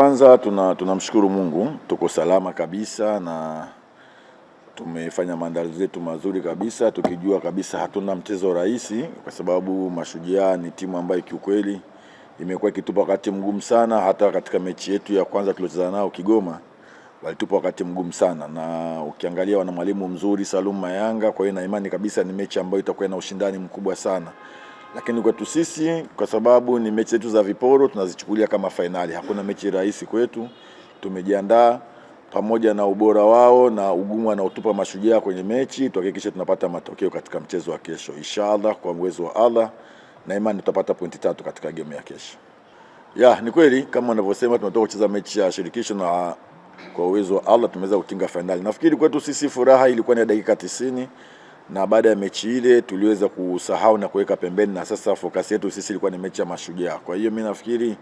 Kwanza tunamshukuru tuna Mungu, tuko salama kabisa na tumefanya maandalizi yetu mazuri kabisa, tukijua kabisa hatuna mchezo rahisi, kwa sababu Mashujaa ni timu ambayo kiukweli imekuwa ikitupa wakati mgumu sana. Hata katika mechi yetu ya kwanza tuliocheza nao Kigoma walitupa wakati mgumu sana, na ukiangalia wana mwalimu mzuri Salum Mayanga. Kwa hiyo na imani kabisa ni mechi ambayo itakuwa na ushindani mkubwa sana lakini kwetu sisi, kwa sababu ni mechi zetu za viporo, tunazichukulia kama fainali. Hakuna mechi rahisi kwetu. Tumejiandaa pamoja na ubora wao na ugumu wanaotupa mashujaa kwenye mechi, tuhakikishe tunapata matokeo katika mchezo wa kesho, inshallah kwa uwezo wa Allah na imani tutapata pointi tatu katika game ya kesho. Ya, ni kweli kama wanavyosema tunatoka kucheza mechi ya shirikisho na kwa uwezo wa Allah tumeweza kutinga fainali. Nafikiri kwetu sisi furaha ilikuwa ni dakika 90 na baada ya mechi ile tuliweza kusahau na kuweka pembeni, na sasa fokasi yetu sisi ilikuwa ni mechi ya Mashujaa. Kwa hiyo mi nafikiri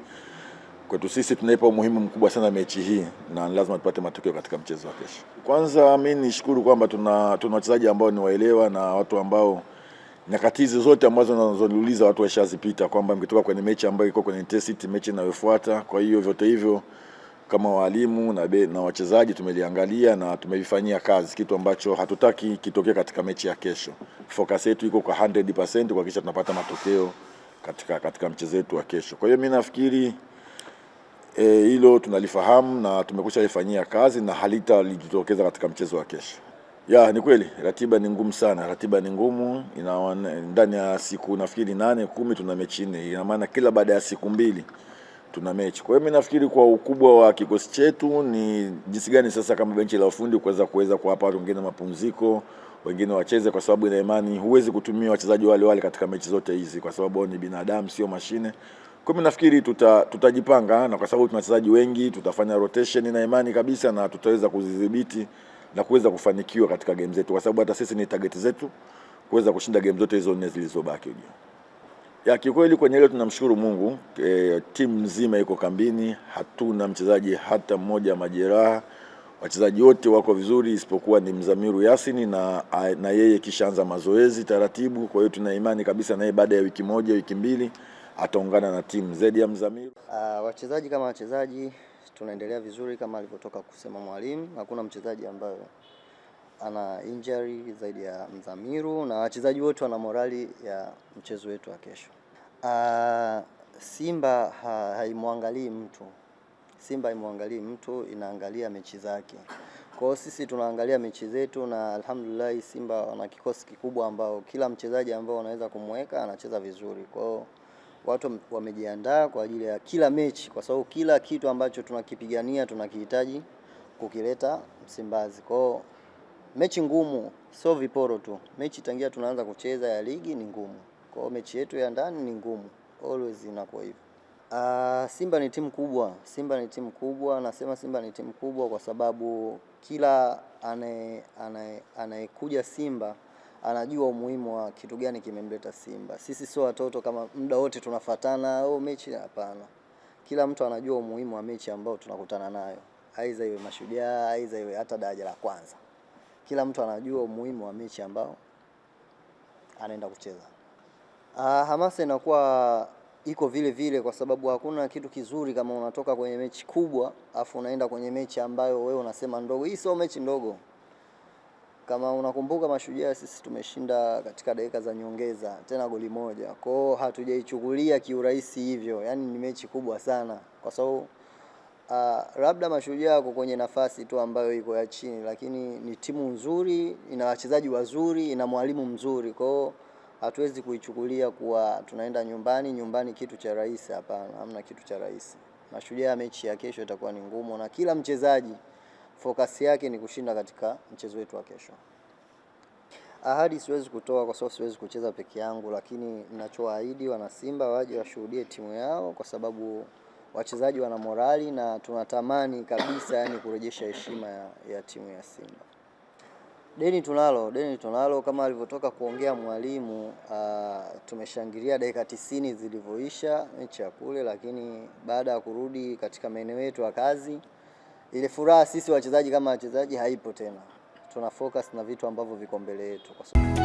kwetu sisi tunaipa umuhimu mkubwa sana mechi hii na lazima tupate matokeo katika mchezo wa kesho. Kwanza mi nishukuru kwamba tuna tuna wachezaji ambao ni waelewa na watu ambao nyakati zote ambazo nazoniuliza watu washazipita, kwamba mkitoka kwenye mechi ambayo iko kwenye intensity, mechi inayofuata. Kwa hiyo vyote hivyo kama walimu na, na wachezaji tumeliangalia na tumevifanyia kazi, kitu ambacho hatutaki kitokee katika mechi ya kesho. Focus yetu iko kwa 100% kuhakikisha tunapata matokeo katika, katika mchezo wetu wa kesho. Kwa hiyo mi nafikiri e, hilo e, tunalifahamu na tumekwisha lifanyia kazi na halitalijitokeza katika mchezo wa kesho. Ya, ni kweli ratiba ni ngumu sana, ratiba ni ngumu. Ndani ya siku nafikiri nane kumi tuna mechi nne, ina maana kila baada ya siku mbili tuna mechi. Kwa hiyo mimi nafikiri kwa ukubwa wa kikosi chetu ni jinsi gani sasa kama benchi la ufundi kuweza kuweza kuwapa watu wengine mapumziko, wengine wacheze, kwa sababu ina imani huwezi kutumia wachezaji wale wale katika mechi zote hizi, kwa sababu ni binadamu, sio mashine. Kwa hiyo nafikiri tuta, tutajipanga na kwa sababu tuna wachezaji wengi, tutafanya rotation na imani kabisa, na tutaweza kuzidhibiti na kuweza kufanikiwa katika game zetu, kwa sababu hata sisi ni target zetu kuweza kushinda game zote hizo nne zilizobaki ya kikweli kwenye hilo tunamshukuru Mungu e, timu nzima iko kambini, hatuna mchezaji hata mmoja majeraha, wachezaji wote wako vizuri isipokuwa ni Mzamiru Yasini na, na yeye kishaanza mazoezi taratibu. Kwa hiyo tuna imani kabisa naye baada ya wiki moja wiki mbili ataungana na timu zaidi ya Mzamiru. Uh, wachezaji kama wachezaji tunaendelea vizuri kama alivyotoka kusema mwalimu, hakuna mchezaji ambayo ana injury zaidi ya Mdhamiru na wachezaji wote wana morali ya mchezo wetu wa kesho. Uh, Simba ha, haimwangalii mtu. Simba haimwangalii mtu, inaangalia mechi zake. Kwa hiyo sisi tunaangalia mechi zetu, na alhamdulillah Simba wana kikosi kikubwa ambao kila mchezaji ambao wanaweza kumweka anacheza vizuri. Kwa hiyo watu wamejiandaa kwa ajili ya kila mechi, kwa sababu kila kitu ambacho tunakipigania tunakihitaji kukileta Msimbazi. Kwa hiyo mechi ngumu, sio viporo tu. Mechi tangia tunaanza kucheza ya ligi ni ngumu, kwa hiyo mechi yetu ya ndani ni ngumu, always inakuwa hivyo. Uh, Simba ni timu kubwa. Simba ni timu kubwa. Nasema Simba ni timu kubwa kwa sababu kila anayekuja Simba anajua umuhimu wa kitu gani kimemleta Simba. Sisi sio watoto kama muda wote tunafatana au oh, mechi, hapana. Kila mtu anajua umuhimu wa mechi ambayo tunakutana nayo, aiza iwe Mashujaa, aiza iwe hata daraja la kwanza kila mtu anajua umuhimu wa mechi ambao anaenda kucheza. Ah, hamasa inakuwa iko vile vile kwa sababu hakuna kitu kizuri kama unatoka kwenye mechi kubwa afu unaenda kwenye mechi ambayo wewe unasema ndogo. Hii sio mechi ndogo. Kama unakumbuka Mashujaa, sisi tumeshinda katika dakika za nyongeza, tena goli moja. Kwao hatujaichukulia kiurahisi hivyo, yaani ni mechi kubwa sana kwa sababu Ah, labda Mashujaa wako kwenye nafasi tu ambayo iko ya chini, lakini ni timu nzuri, ina wachezaji wazuri, ina mwalimu mzuri. Kwa hiyo hatuwezi kuichukulia kuwa tunaenda nyumbani. Nyumbani kitu cha rahisi? Hapana, hamna kitu cha rahisi. Mashujaa mechi ya kesho itakuwa ni ngumu, na kila mchezaji fokasi yake ni kushinda katika mchezo wetu wa kesho. Ahadi siwezi kutoa kwa sababu siwezi kucheza peke yangu, lakini ninachoahidi wana Simba waje washuhudie timu yao kwa sababu wachezaji wana morali na tunatamani kabisa yani kurejesha heshima ya, ya timu ya Simba. Deni tunalo, deni tunalo kama alivyotoka kuongea mwalimu. Uh, tumeshangilia dakika tisini zilivyoisha mechi ya kule, lakini baada ya kurudi katika maeneo yetu ya kazi, ile furaha sisi wachezaji kama wachezaji haipo tena. Tuna focus na vitu ambavyo viko mbele yetu kwa sababu